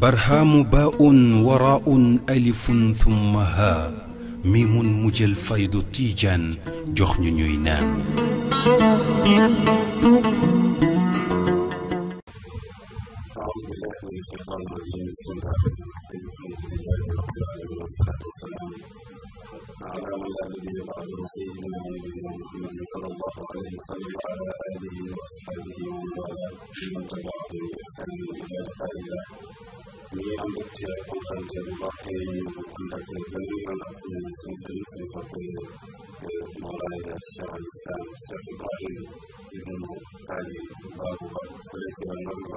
برهام باء وراء ألف ثم ها ميم مجل فيض تيجان جخن يوينان أعوذ بالله من الشيطان الرجيم بسم الله الرحمن الرحيم الحمد لله رب العالمين والصلاة والسلام على من لا نبي بعده سيدنا ونبينا محمد صلى الله عليه وسلم وعلى اله واصحابه ومن والاه ومن تبعهم باحسان الى لقاء الله ni an bukti a kan kanta da ba ka yi an da ke ganin an akwai sun fi sun fakwai da mawala da shahar islam shahar ibrahim जिन्होंने सारी बाबू खुले के अंदर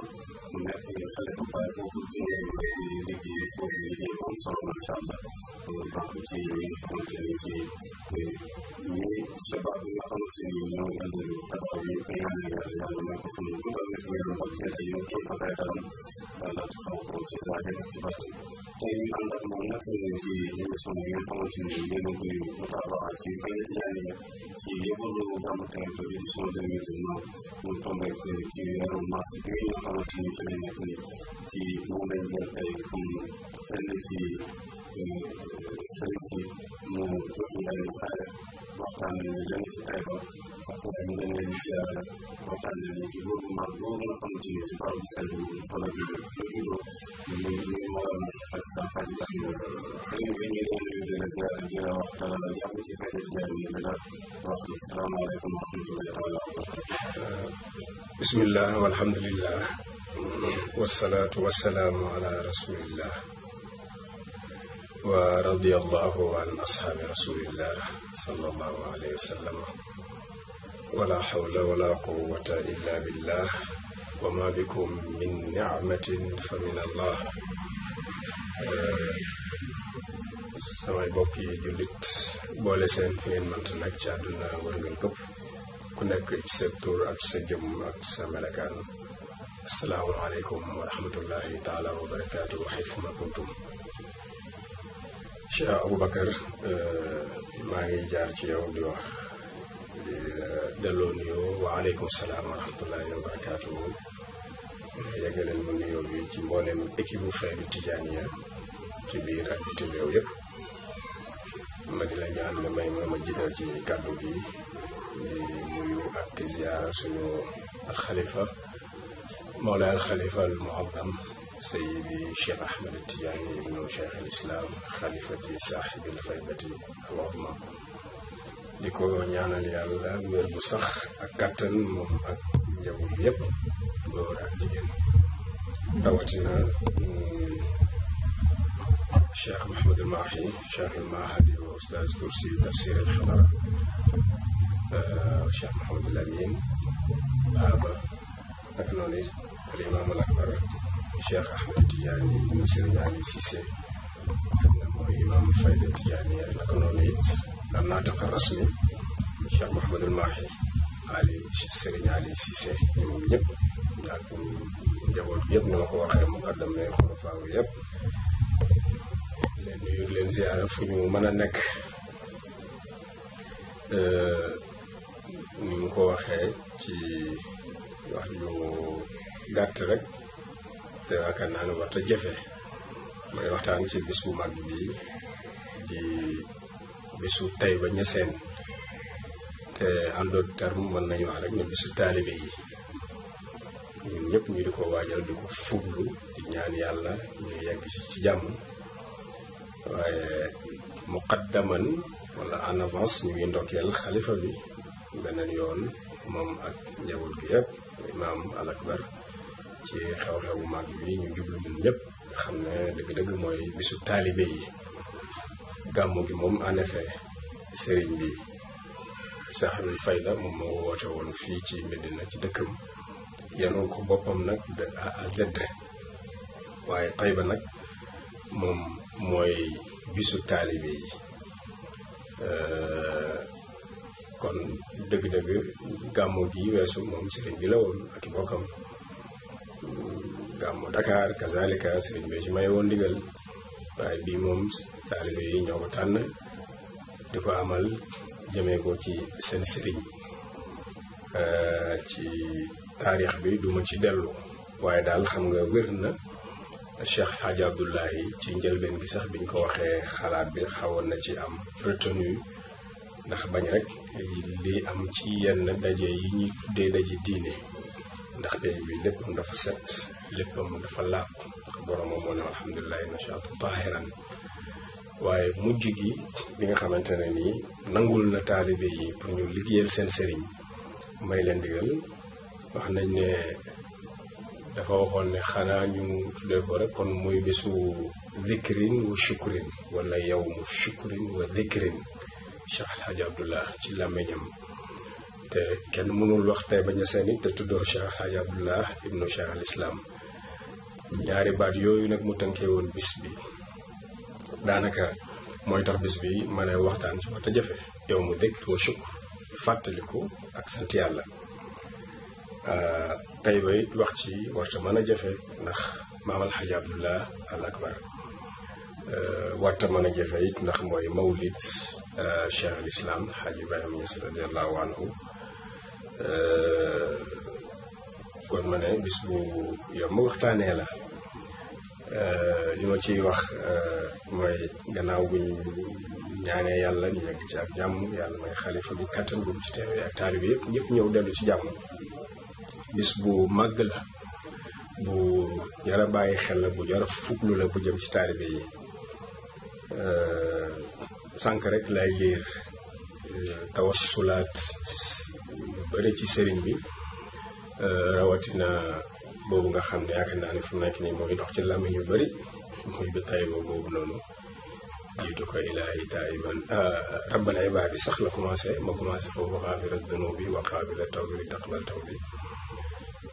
उन्हें खड़े बार को कुछ ये कौन सा माशाला तो बापू जी पहुँचने की ये शबाब में पहुँचने अंदर तबावी पैमाने का जानना पसंद करने के लिए पता है अल्लाह को जाहिर की बात 对于安德龙的这个记忆，就是从一个东西里面的对于不打吧，几个年龄，几一步路咱们在这里说这个什么，我们在这里几个马斯克的东西这里面，几我们在在从真的是呃神奇，我们这里来在，我们人在吧。طلب خير السلام عليكم ورحمه الله وبركاته. بسم الله والحمد لله والصلاه والسلام على رسول الله. ورضي الله عن أصحاب رسول الله صلى الله عليه وسلم ولا حول ولا قوة إلا بالله وما بكم من نعمة فمن الله سماي بوكي جوليت بولي سين فين مانتناك جادونا ورغل كف كنك سبتور أتسجم أتسملكان السلام عليكم ورحمة الله تعالى وبركاته حيثما كنتم شيخ أبو بكر آه، ماهي جارتي يوم دلونيو وعليكم السلام ورحمة الله وبركاته يجعل المنيو بيجي مولم اكيبو فاي بتجانيا كبيرة بتجانيو يب مدلا جان لماي ماما جيتر جي كادو بي دي مويو اكزيارة سنو الخليفة مولا الخليفة المعظم سيدي شيخ أحمد التجاني ابن شيخ الإسلام خليفة صاحب الفائدة العظمى di ko ñaanal yàlla wér bu sax ak kàttan moom ak njaboot yépp góor ak jigéen rawatina cheikh Mouhamed El Mahi cheikh El Mahadi wa ustaz kursi tafsir al xadara cheikh Mouhamed El Amin baaba ak noonu al imam al akbar cheikh Ahmed Tidiane ibnu Serigne Ali Cissé xam na mooy imam fayda Tidiane ak noonu it لما التقى الرسمي Cheikh Mouhamadul Mahi Ali Serigne Ali Cissé moom ñëpp njaboot yëpp na ma ko waxee muqaddam ne xulafaaw yëpp leen nuyu leen ziyaara fu ñu mën a nekk ni mu ko waxee ci wax yu gàtt rek te yaakaar naa warta jafe may waxtaan ci bis bu mag bi di bisu tey ba ñeseen te en d'autres termes mën nañu wax rek ne bisu taalibe yi ñun ñëpp ñu di ko waajal di ko fuglu di ñaan yàlla ñu yegg ci jàmm waaye muqaddaman wala en avance ñu ngi ndokkeel xalifa bi beneen yoon moom ak njaboot gi yëpp imaam al akbar ci xew-xewu mag bi ñu jublu ñun ñépp nga xam ne dëgg-dëgg mooy bisu taalibe yi gàmmu gi moom en effet sëriñ bi saxalul fay la moom moo woote woon fii ci Medina ci dëkkam yenoon ko boppam nag de A à Z waaye Tayba nag moom mooy bisu taalibe yi euh, kon dëgg-dëgg gàmmu gi weesu moom sëriñ bi la woon ak i bokkam gàmmu Dakar kazalika sëriñ bi ci may woon ndigal waaye bii moom taalibe yi ñoo ko tànn di ko amal jëmee ko ci seen sëriñ euh, ci taarix bi duma ci dellu waaye daal xam nga wér na Cheikh Hadji Abdoulahi ci njëlbeen bi sax biñ ko waxee xalaat bi xawoon na ci am retenue ndax bañ rek li am ci yenn daje yi ñuy tuddee daje diine ndaxte bi léppam dafa set léppam dafa laab boromam moo ne alhamdulilahi nachaatu taahiran waaye mujj gi bi nga xamante ne nii nangul na taalibe yi pour ñu liggéeyal seen sëriñ may leen digal wax nañ ne dafa waxoon ne xanaa ñu tuddee ko rek kon muy bésu zikrin wa shukrin wala yow mu shukrin wa zikrin Cheikh El Hadj ci làmmiñam te kenn mënul wax tey bañ a seen te tuddoo Cheikh El Hadj ibnu Cheikh al ñaari baat yooyu nag mu tënkee woon bis bi daanaka mooy tax bis bi mën a waxtaan ci wata jafe yow mu dëkk wa sukk fàttaliku ak sant yàlla tey ba it wax ci warta mën a jafe ndax maam alxaji abdullah al akbar warta mën a jafe it ndax mooy mawlid cheikh al islam xaaj ibrahima ñas radiallahu anhu kon ma ne bis bu yomb waxtaanee la Euh, li ma ciy wax euh, mooy gannaaw bu ñu ñaanee yàlla ñu nekk ci ak jàmm yàlla may xalifa bi kattan bu ci teewee ak taalibe yëpp ñëpp ñëw dellu ci jàmm bis bu màgg la bu jara bàyyi xel la bu jara fuglu la bu jëm ci taalibe yi euh, sànq rek lay liir tawassulaat bëri ci sëriñ bi boobu nga xam ne yaakaar naa ne fu mu nekk nii moo dox ci làmmiñ yu bëri muy bi tayiba boobu noonu jiitu ko ilaahi taayiban rabbal ibaadi sax la commencé ma commencé foofu xaafira dunubi wa qaabila tawbi taqbal tawbi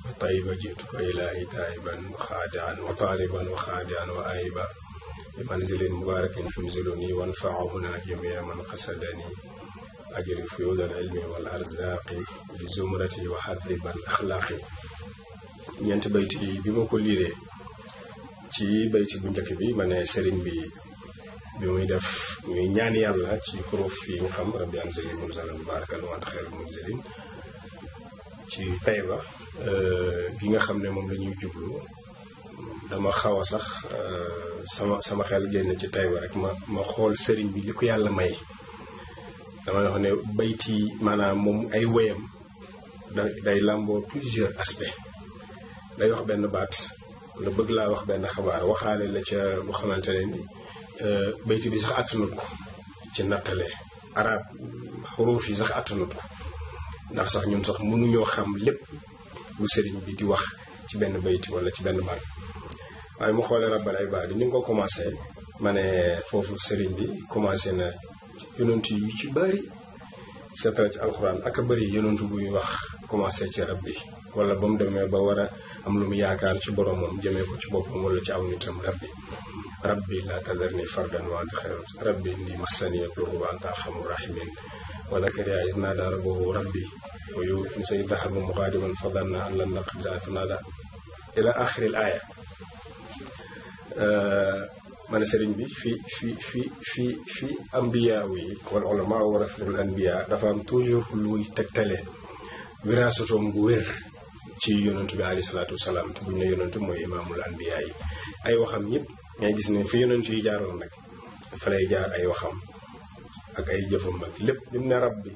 bi tay ba jiitu ko ilaahi taayiban xaadian wa taaliban wa xaadian wa ayiba بمنزل مبارك تنزلني وانفع ajri جميع من قصدني أجري فيوض العلم والأرزاق لزمرتي وحذبا أخلاقي ñeenti bayti yi bi ma ko liiree ci bayti bu njëkk bi ma ne sëriñ bi bi muy def muy ñaan yàlla ci xuruuf yi nga xam rabbi anzilni munzalan mubaarakan wa anta xayrul munzilin ci pay ba euh, gi nga xam ne moom la ñuy jublu dama xaw a sax euh, sama sama xel génn ci Taïba rek ma ma xool sëriñ bi li ko yàlla may dama wax ne bayti maanaam moom ay woyam day làmboo plusieurs aspects day wax benn baat la bëgg laa wax benn xabaar waxaale la ca lu xamante ne ni euh, bayti bi sax àttanut ko ci nattale arab xuruuf yi sax àttanut ko ndax sax ñun sax mënuñoo xam lépp lu sëriñ bi di wax ci benn bayti wala ci benn baat waaye mu xoolee rabbal ibaad ni nga ko commencé ma ne foofu sëriñ bi commencé na yonent yu ci bari seetal ci alxuraan ak a bëri yonent buy wax commencé ci rab bi wala ba mu demee ba war am lu mu yaakaar ci boromam jëmee ko ci boppam wala ci aw nitam rabbi rabbi la tadarni fardan wa anta xayru rabbi inni massani yadurru wa anta arhamur rahimin wa zakariya id naadaa rabbi wa yuutum sayyida habu muqadiman fadanna an lan naqdira fa naadaa ila akhir al aya ma serigne bi fi fi fi fi fi anbiya wi wal ulama warasatul anbiya dafa am toujours luy tektale wirasatom gu wér ci yonentou bi ali salaatu wasalaam te ne yonentou moy imamul anbiya yi ay waxam ñep ngay gis ne fi yonantu yi jaaroon nak fa lay jaar ay waxam ak ay jëfum ak lepp bi ne rabbi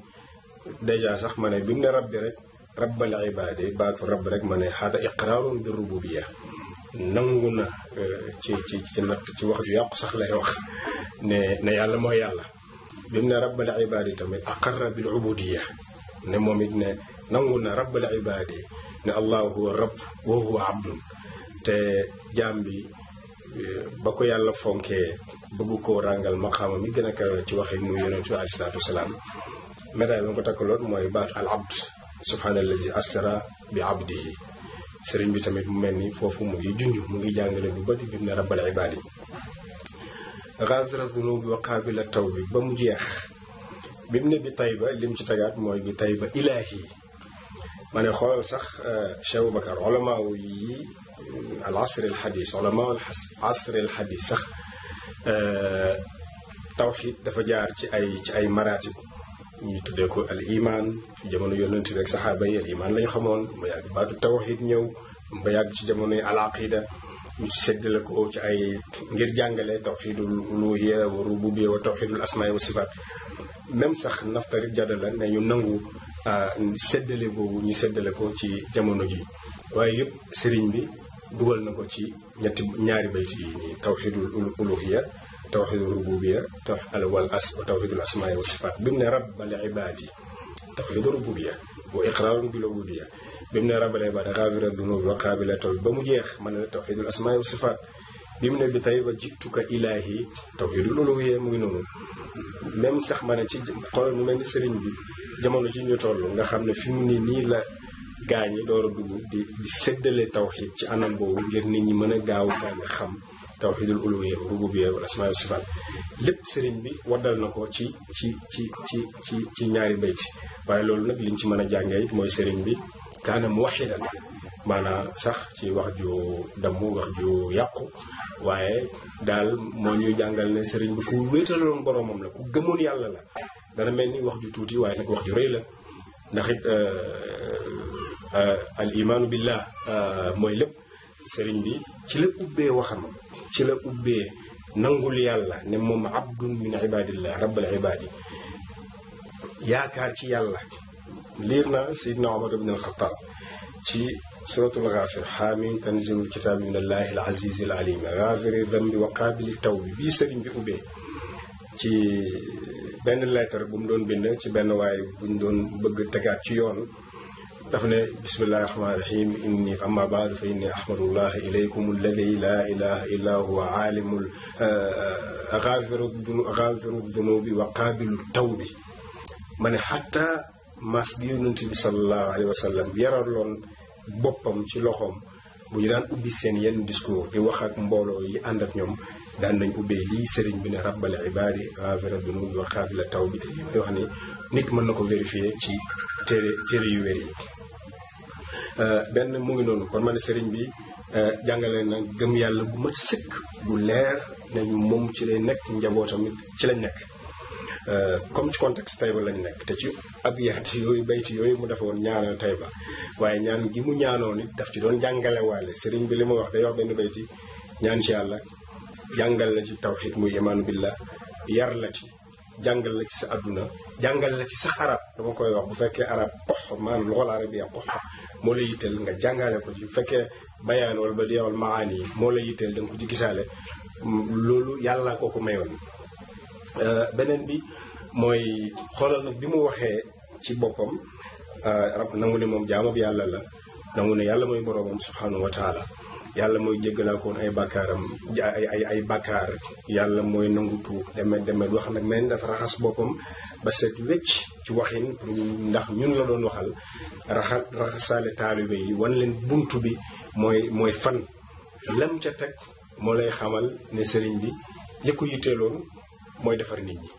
deja sax mané ne ne rabbi rek rabbal ibaade baatu rabb rek mané hada iqrarun bir rububiyya nanguna na eh, ci ci ci natt ci wax yu yaq sax lay wax ne ne yalla moy yalla bi ne rabbal ibade tamit aqarra bil ubudiyya ne momit ne nanguna rabbal ibade ne allahu huwa rabb wa huwa abdun te jaam bi eh, ba ko yàlla fonkee bëgg koo ràngal maqaama mi gën a kawe ci waxi muy yonentu alayhi salaatu wasalaam médaille ba nga ko takkaloon mooy baatu al abd subhaanallazi asra bi abdihi sëriñ bi tamit mu mel ni foofu mu ngi junj mu ngi jàngale bu bari bi mu ne rabbal ibaadi ghaafira zunubi wa qaabila tawbi ba mu jeex bi ne bi tayba lim ci tagaat mooy bi tayba ilaahi ما أنا خويا وسخ شاو بكر علماء العصر الحديث علماء العصر الحديث سخ tawxid dafa jaar ci ay ci ay maratib ñu tuddee ko al iman ci jamono yonent rek saxaaba yi al iman lañ xamoon ba yàgg baatu tawxid ñëw ba yàgg ci jamono al aqida ñu seddale ko ci ay ngir jàngale tawxidul uluhiya wa rububiya wa tawxidul asmaa wa sifaat même sax naftarit jàddala ne ñu nangu Euh, seddale boobu ñu seddale ko ci jamono ji waaye yëpp sëriñ bi dugal na ko ci ñetti ñaari bayti yi nii tawxidul uluhiya tawxidul rububiya taw wal as tawxidul asmaai wa sifaat bi mu ne rabbal ibaadi tawxidul rububiya wa iqraarun bil ubudiya bi mu ne rabbal ibaadi xaafira dunubi wa qaabila tawbi ba mu jeex mën na tawxidul asmaai wa sifaat bi mu bi tey ba jituka ilaahi tawxidul uluhiya mu ngi noonu même sax ma ne ci xoolal mu mel ni sëriñ bi jamono ji ñu tollu nga xamne ne fi mu ni ni la gaa dooro dugg di di séddale tawhid ci anam boobu ngir nit ñi mëna gaaw gaa nga xam tawxidul uluwiya rububiya wala asma wa sifat lepp sëriñ bi wadal nako ci ci ci ci ci ci ñaari bayt waye loolu nak liñ ci mëna jàngé moy sëriñ bi kana muwahhidan mana sax ci wax ju damm wax ju yaqku waye dal mo ñu jàngal ne sëriñ bi ku wéetaloon boromam la ku gëmoon yalla la dana melni wax ju tuuti waaye nag wax ju rëy la ndax it al imaanu billah mooy lépp sëriñ bi ci la ubbee waxam ci la ubbee nangul yàlla ne moom abdun min ibadillah rabbal ibadi yaakaar ci yàlla liir na sayidna omar ibn alxataab ci suratul gaafir xaamim tanzilul kitaab min allahi al aziz al alim gaafiri dambi wa qaabili taw bi bii sëriñ bi ubbee ci benn lettre bu mu doon bind ci benn waay buñ doon bëgg tegaat ci yoon dafa ne bismillahi rahmaani rahim inni amma baadu fa inni ahmadullahi ilaykum alladi laa ilaha illa huwa aalimul gaafiru uh, gaafiru dunubi wa qaabilu tawbi ma ne xatta mas gi yonent bi salallahu alayhi wa sallam yaraloon boppam ci loxoom bu ñu daan ubbi seen yenn discours di wax ak mbooloo yi ànd ak ñoom daan nañ ubbee lii sëriñ bi ne rabbal ibaadi bi dunubi wa xaabila taw bi te li may wax ni nit mën na ko vérifier ci téere téere yu wér yi euh, benn mu ngi noonu kon man ne sëriñ bi euh, jàngale na gëm yàlla gu mat bu leer nañ moom ci lay nekk njabootam ci lañ nekk euh, comme ci contexte Taïba lañ nekk te ci abyaat yooyu bayti yooyu mu defoon ñaanal Taïba waaye ñaan gi mu ñaanoon it daf ci doon jàngale waale sëriñ bi li mu wax day wax benn bayti ñaan ci yàlla jàngal la ci tawxid muy imaanu billah yar la ci jàngal la ci sa adduna jàngal la ci sax arab dama koy wax bu fekkee arab pox maanaam loxol arabiya pox moo la yitteel nga jàngale ko ci fekkee bayaan wala ba moo la yitteel da ko ci gisaale loolu yàlla koo ko mayoon euh, beneen bi mooy xoolal nag bi mu waxee ci boppam euh, rab nangu ne moom jaamu yàlla la nangu ne yàlla mooy boroomam subhanahu wa yàlla mooy jéggalaakoon ay bàkkaaram ay ay ay bàkkaar yàlla mooy nangu tuub demet demet wax nag mel ni dafa raxas boppam ba set wecc ci waxin pour ndax ñun la doon waxal raxal raxasaale taalibe yi wan leen bunt bi mooy mooy fan lam ca teg moo lay xamal ne sëriñ bi li ko yitteeloon mooy defar nit ñi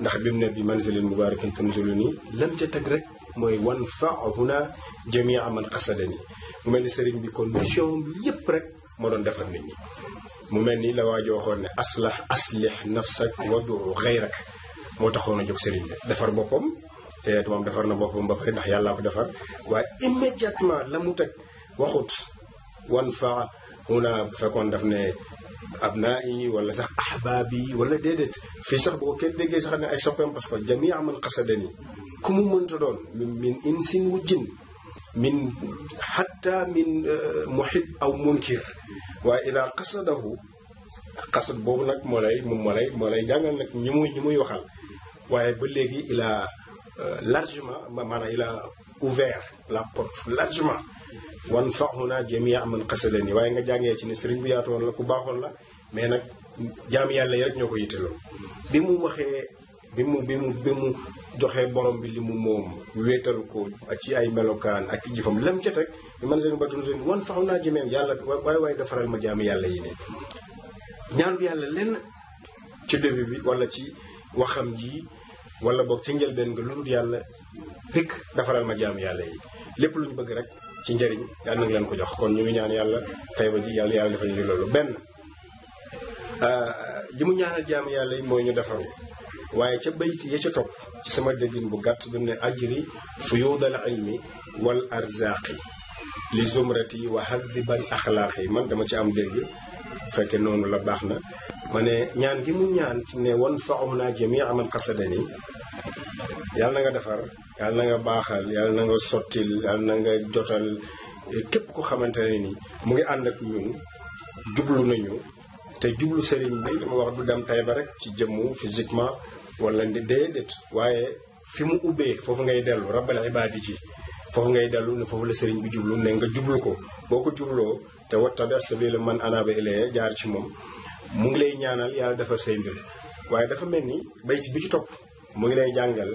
ndax bi mu ne bi manzilin mubaarakin tanzulu nii lam ca teg rek moy wan fa'huna jamia man qasadani mu melni serigne bi kon mission bi yep rek mo don defal nit ñi mu melni la waajoo waxoon aslah aslih nafsak wadu ghayrak mo taxono jóg serigne defar boppam te moom defar na boppam ba pare ndax yalla ko defar wa immédiatement la mu tek waxut wan fa'huna fa kon daf ne abnaa yi wala sax ahbaab yi wala déedéet fii sax bu ko kenn déggee sax ne ay soppeem parce que jamia man qasadani ku mu mënta doon min si wu jin min xatta min eh, muhib aw munkir waaye ida qasadahu qasad boobu nag moo lay moom moo lay moo jàngal nag ñi muy muy waxal waaye ba léegi il a euh, largement maanaam il a ouvert la porte largement wan faxuna jamia man xasada ni waaye nga jàngee ci ne sëriñ bu yaatu la ku baaxoon la mais nag jaam yàlla yi rek ñoo ko yitteloon bi mu waxee Bimu bimu bimu mu bi mu joxee borom bi limu mom wetal ko ci ay melokan ak jifam lam ci tek man seen batul seen wan faxu ji mem yalla way way defaral ma jami yalla yi ne bi yalla len ci debbi bi wala ci waxam ji wala bok ci ben nga lu yalla rek defaral ma jami yalla yi lepp luñu bëgg rek ci njëriñ yàlla nag leen ko jox kon ñu ngi ñaan yalla tey ba ji yalla yalla defal ñu lolu ben euh ah, mu ñaanal jami yalla yi moy ñu defaru waaye ca bayti ya ca topp ci sama déggin bu gàtt du ne ajri fuyuudal ilmi wal arzaqi li wax zumrati wa hadiban axlaaqi man dama ci am dégg fekke noonu la baax na ma ne ñaan gi mu ñaan ci ne wan fauna jamia man xasadani yàlla na nga defar yàlla na nga baaxal yàlla na nga sottil yàlla na nga jotal képp ku xamante ne ni mu ngi ànd ak ñun jublu nañu te jublu sëriñ bi dama wax du dem tay ba rek ci jëmmu physiquement wala ndi déedéet waaye fi mu ubbee foofu ngay dellu rabbal ibaadi ji foofu ngay dellu ne foofu la sëriñ bi jublu ne nga jublu ko boo ko jubloo te wattabi' la man anaaba ilayya jaar ci moom mu ngi lay ñaanal yàlla defar say mbir waaye dafa mel ni bay bi ci topp mu ngi lay jàngal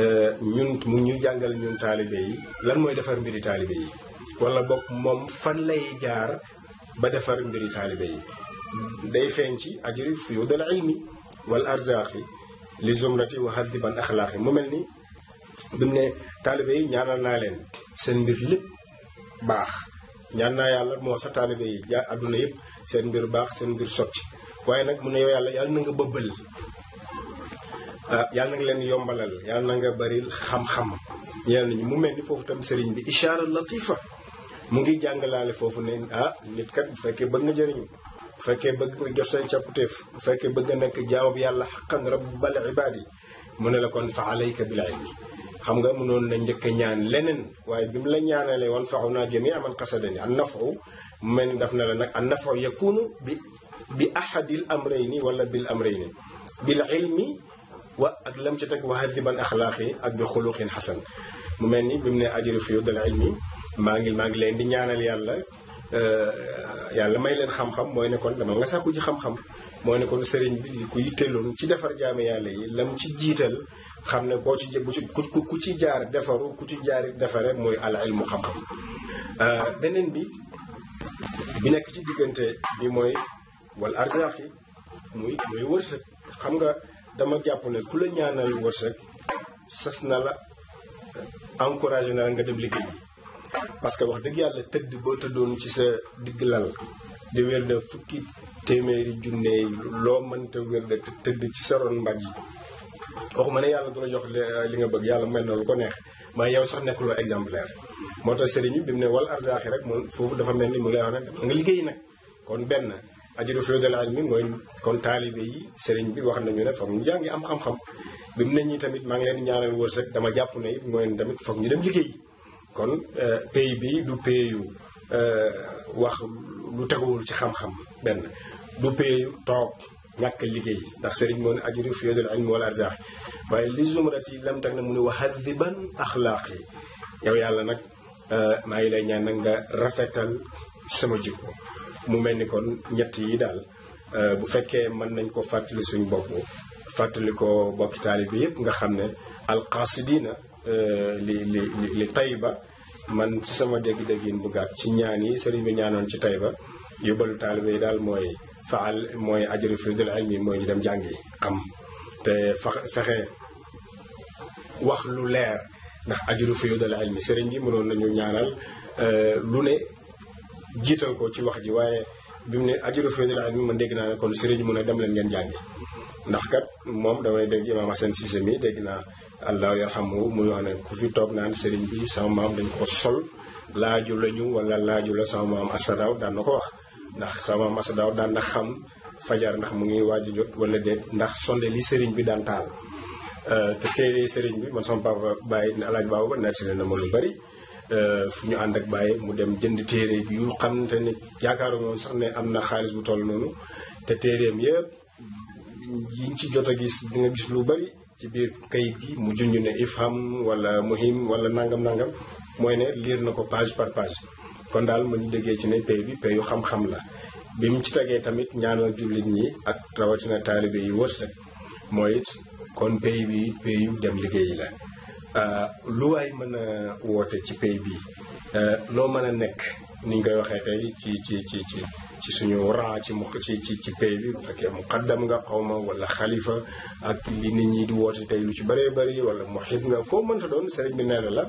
e, ñun mu ngi ñu jàngal ñun taalibe yi lan mooy defar mbiri taalibe yi wala bokk moom fan lay jaar ba defar mbiri taalibe yi day feeñ ci ajri fuyuudal ilmi wal arzaaqi li zumrati wa hadiban axlaaqi mu mel ni bi mu ne taalibe yi ñaanal naa leen seen mbir lépp baax ñaan naa yàlla moo sa taalibe yi ja àdduna seen mbir baax seen mbir sotti waaye nag mu ne yow yàlla yàlla na nga bëbbal ah, yàlla na nga leen yombalal yàlla na nga bari xam-xam ñeel nañu mu mel ni foofu tam sëriñ bi ishaara latifa mu ngi jàngalaale foofu ne ah nit kat bu fekkee bëgg nga jëriñu bu fekkee bëgg koy jox say càpputéef bu fekkee bëgg nekk jaawab yàlla xaqan rabbal ibaadi mu ne la kon fa alayka bil ilmi xam nga mun mënoon na njëkk a ñaan leneen waaye bi mu la ñaanalee wan faxu naa jamia man qasadani an nafu mel ni daf na la nag an nafu yakunu bi bi ahadil amrayni wala bil amrayni bil ilmi wa ak lam ci teg wa hadiban axlaaqi ak bi xuluqin xasan mu mel ni bi mu ne ajri fi dal ilmi maa ngi maa ngi leen di ñaanal yàlla Euh, yàlla may leen xam-xam mooy nekkoon kon dama nga sàkku ji xam-xam mooy ne kon sëriñ bi ku yitteeloon ci defar jaame yàlla yi lam ci jiital xam ne boo ci bu ci ku ci jaar defaru ku ci jaari defare mooy al ilmu xam-xam euh, beneen bi bi nekk ci diggante bi mooy wal arzaq yi muy muy wërsëg xam nga dama jàpp ne ku la ñaanal wërsëg sas na la encouragé na la nga dem liggéey parce que wax dëgg yàlla tëdd boo tëddoon ci sa digg lal di wér de fukki téeméeri junne yi loo mënta wér de tëdd ci sa ron mbaj yi waxuma ne yàlla du la jox li nga bëgg yàlla mel na lu ko neex mais yow sax nekkuloo exemplaire moo tax sëriñ bi bi mu ne wal arzaaxi rek moom foofu dafa mel ni mu lay wax ne nga liggéey nag kon benn ajidu fiodal almi mooy kon taalibe yi sëriñ bi wax nañu ne foog ñu jàngi am xam-xam bi mu ne ñi tamit maa ngi leen ñaanal wërsëg dama jàpp ne it tamit foog ñu dem liggéey kon pay bi du payu wax lu teggul ci xam-xam ben du payu tok ñak liggéey ndax serigne moo ne ajuri fi yadul ilm wal arzaq way li zumrati lam tag na mu ne wahadiban yow yàlla nak ma ngi lay ñaan nga rafetal sama jikko mu melni kon ñet yi dal bu fekke man nañ ko fàttali suñ bopp fatali ko bokki talib yépp nga xamne al qasidina Euh, li li li Taïba man ci sama dégg-déggin bu ci ñaan yi sëriñ bi ñaanoon ci Taïba yóbbalu taalibe yi daal mooy faal mooy ajru fi dul ilmi mooy ñu dem jàngi xam te fexe wax leer ndax ajru fi dul ilmi sëriñ bi mënoon nañu ñaanal euh, lu ne jiital ko ci wax ji waaye bi mu ne ajru fi dul ilmi man dégg naa ne kon sëriñ mu ne dem leen ngeen jàngi ndax kat moom damay dégg imaam Hassan Cissé mi dégg naa allahu yarhamu muy wax ne ku fi toog naan sëriñ bi sama maam dañ koo sol laaju la ñu wala laaju la sama maam asadaaw daan na ko wax ndax sama maam asadaaw daan na xam fajar ndax mu ngi waaj a jot wala déet ndax sonde li sëriñ bi daan taal euh, te tey sëriñ bi man sama papa bàyyi ne alaaj baaba ba nettali na ma lu bari euh, fu ñu ànd ak bàyyi mu dem jënd téere bi yu xam te ne yaakaaru moom sax ne am na xaalis bu toll noonu te téereem yëpp yiñ ci jot a gis di nga gis lu bari ci biir kayit gi mu junj ne ifham wala muhim wala nangam nangam mooy ne liir na ko page par page kon daal ma ñu déggee ci ne pay bi payu xam-xam la bi mu ci tegee tamit ñaanal jullit ñi ak rawatina taalibe yi wërsëg mooy it kon pay bi payu dem liggéeyi la euh, lu waay mën a woote ci pay bi euh, loo mën a nekk ni ñu koy waxee tey ci ci ci ci ci suñu ran ci mu ci ci ci pay bu fekkee muqaddam nga xawma wala xalifa ak li nit ñi di woote tey lu ci bëree bëri wala muhib nga koo mënta doon sëriñ bi nee la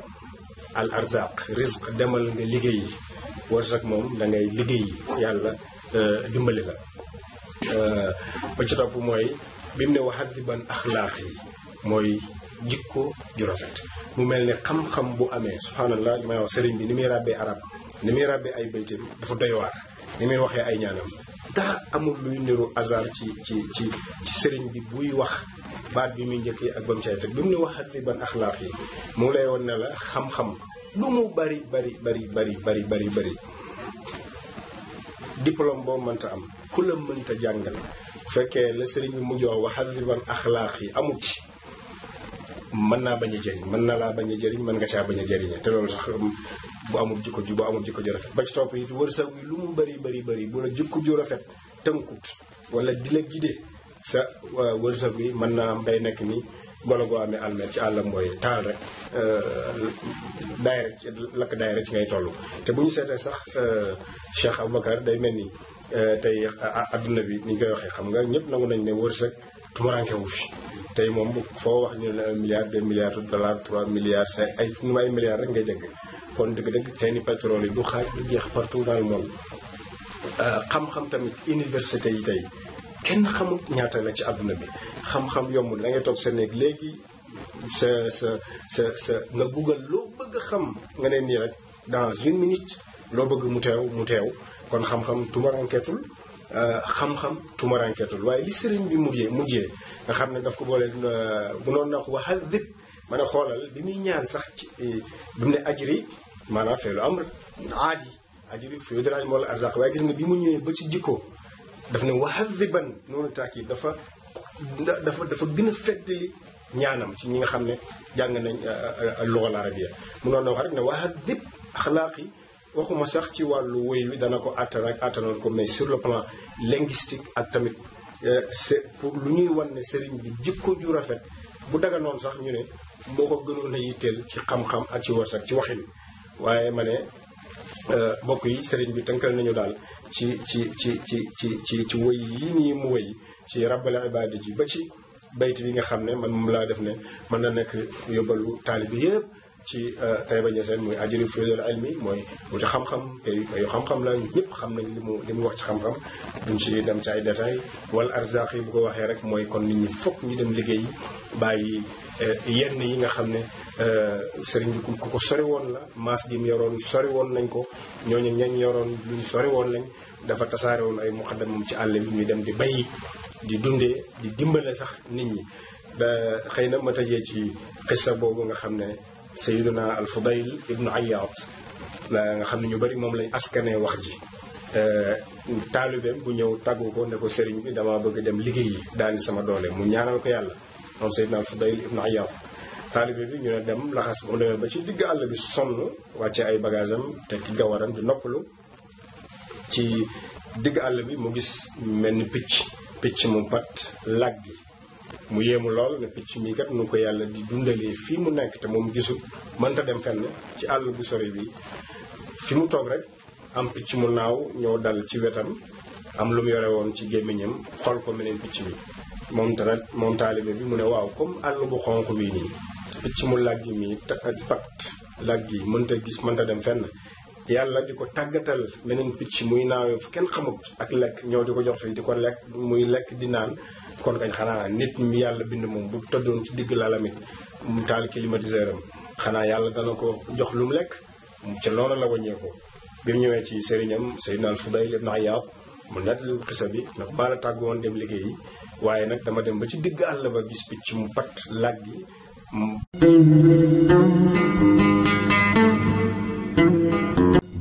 al arzaq risque demal nga liggéey yi warsak moom da ngay liggéey yàlla euh, dimbali la euh, ba topp mooy bi mu ne waxat bi ban axlaaq mooy jikko ju rafet mu mel ni xam-xam bu amee subhaanallah li may wax sëriñ bi ni muy ràbbee arab ni muy ràbbee ay baytam dafa doy waar ni muy waxee ay ñaanam dara amul luy niru hasard ci ci ci sëriñ bi buy wax baat bi muy njëkk yi ak ba mu cay teg bi mu ne wax yi mu lay woon ne la xam bari bari bari bari bari bari bari diplôme boo mënta am ku la mënta jàngal fekkee la sëriñ bi mujjoo wax ak yi amu ci man naa bañ a jëriñ mën na laa bañ a jëriñ mën nga caa bañ a jëriñe te loolu sax um, bu amul jikko ju bu amul jikko ju rafet ba ci topp it wërsëg wi lu mu bari bari bari bu la jikko ju rafet tënkut wala di la gidee sa wërsëg wi mën naa am day nekk ni golo goo amee almet ci àll mooy taal rek euh, daay rek lakk daay rek ci ngay toll te bu ñu seetee sax euh, Cheikh Aboubacar day mel ni euh, tey adduna bi ni ñu koy waxee xam nga ñëpp nangu nañ ne wërsëg tumuranke wu fi tey moom foo wax ñu ne un milliard deux milliards de trois milliards ay nu ay milliards rek ngay dégg kon dëgg-dëgg teeni pétrole yi du xaaj du jeex partout dans le monde euh, xam-xam tamit université yi tey kenn xamut ñaata la ci àdduna bi xam-xam yombul da toog sa néeg léegi sa sa sa nga google loo bëgg xam nga ne nii rek dans une minute loo bëgg mu teew mu teew kon xam-xam tumarankeetul xam-xam tumarankeetul waaye li sëriñ bi mujjee mujjee nga xam ne daf ko boole munoon na ko waxal lépp ma ne xoolal bi muy ñaan sax ci bi mu ne ajri maanaam lu am aadi ajri fi yodraaj moo la arzaq waaye gis nga bi mu ñëwee ba ci jikko daf ne wahadiban noonu taaki dafa dafa dafa gën a feddali ñaanam ci ñi nga xam ne jàng nañ lugal arabia munoon na wax rek ne wahadib axlaaqi waxuma sax ci wàllu woy wi dana ko àttan ak àttanal ko mais sur le plan linguistique ak tamit euh, pour lu ñuy wan ne sëriñ bi jikko ju rafet bu daga noon sax ñu ne moo ko gënoon a yitteel ci xam-xam ak ci warsak ci waxin waaye ma ne euh, mbokk yi sëriñ bi tënkal nañu daal ci ci ci ci ci ci ci woy yi nii mu woy ci rabbal ibaadi ji ba ci bayt bi nga xam ne man moom laa def ne mën na nekk yóbbalu taalibi yëpp ci euh, Taïba Niassène muy ajuri fuyudal ilmi mooy wuti xam-xam pay xam-xam la ñëpp xam nañ li mu li wax ci xam-xam duñ ci dem ci ay détail wala arzaq yi bu ko waxee rek mooy kon nit ñi fokk ñu dem liggéey bàyyi euh, yenn yi nga xam ne euh, sëriñ bi ku ko sori woon la maas gi mu yoroon sori woon nañ ko ñooñu ñañ yoroon luñ sori woon lañ dafa tasaare woon ay muqaddamam ci àll bi ñu dem di bay di dundee di dimbale sax nit ñi da xëy na ma tëjee ci xissa boobu nga xam ne Sayyiduna al Fudayl ibnu Ayyaad la nga xam ne ñu bari moom lañ askanee wax ji euh, taalibeem bu ñëw tàggu ko ne ko sëriñ bi dama bëgg dem liggéey yi daani sama doole mu ñaanal ko yàlla moom Sayyiduna al Fudayl ibnu Ayyaad taalibe bi ñu ne dem laxas ba mu demee ba ci digg àll bi sonn wàcce ay bagage am te ki gawaram di noppalu ci digg àll bi mu gis mel ni picc picc mu pat làggi mu yéemu lool ne picc mi kat nu ko yàlla di dundalee fii mu nekk te moom gisul mënta dem fenn ci àll bu sore bi fi mu toog rek am picc mu naaw ñëw dal ci wetam am lu mu yore woon ci gémmiñam xool ko meneen picc mi moom tamit moom bi mu ne waaw comme àll bu xonq bii nii picc mu làggi mi pat làggi mënta gis mënta dem fenn yàlla di ko tàggatal meneen picc muy naawee fu kenn xamut ak lekk ñëw di ko jox fii di ko lekk muy lekk di naan kon kañ xanaa nit mi yàlla bind moom bu tëddoon ci digg lalamit mu taal climatiseur xanaa yàlla dana ko jox lu lekk ci noonu la wàññeeku bi mu ñëwee ci sëriñam Seydina al Fudayl ibn Iyaad mu nettali xisa bi nag maa la tàggoon dem liggéeyi waaye nag dama dem ba ci digg àll ba gis picc mu pat làggi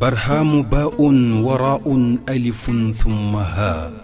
barhaamu baaun waraun alifun thumma haa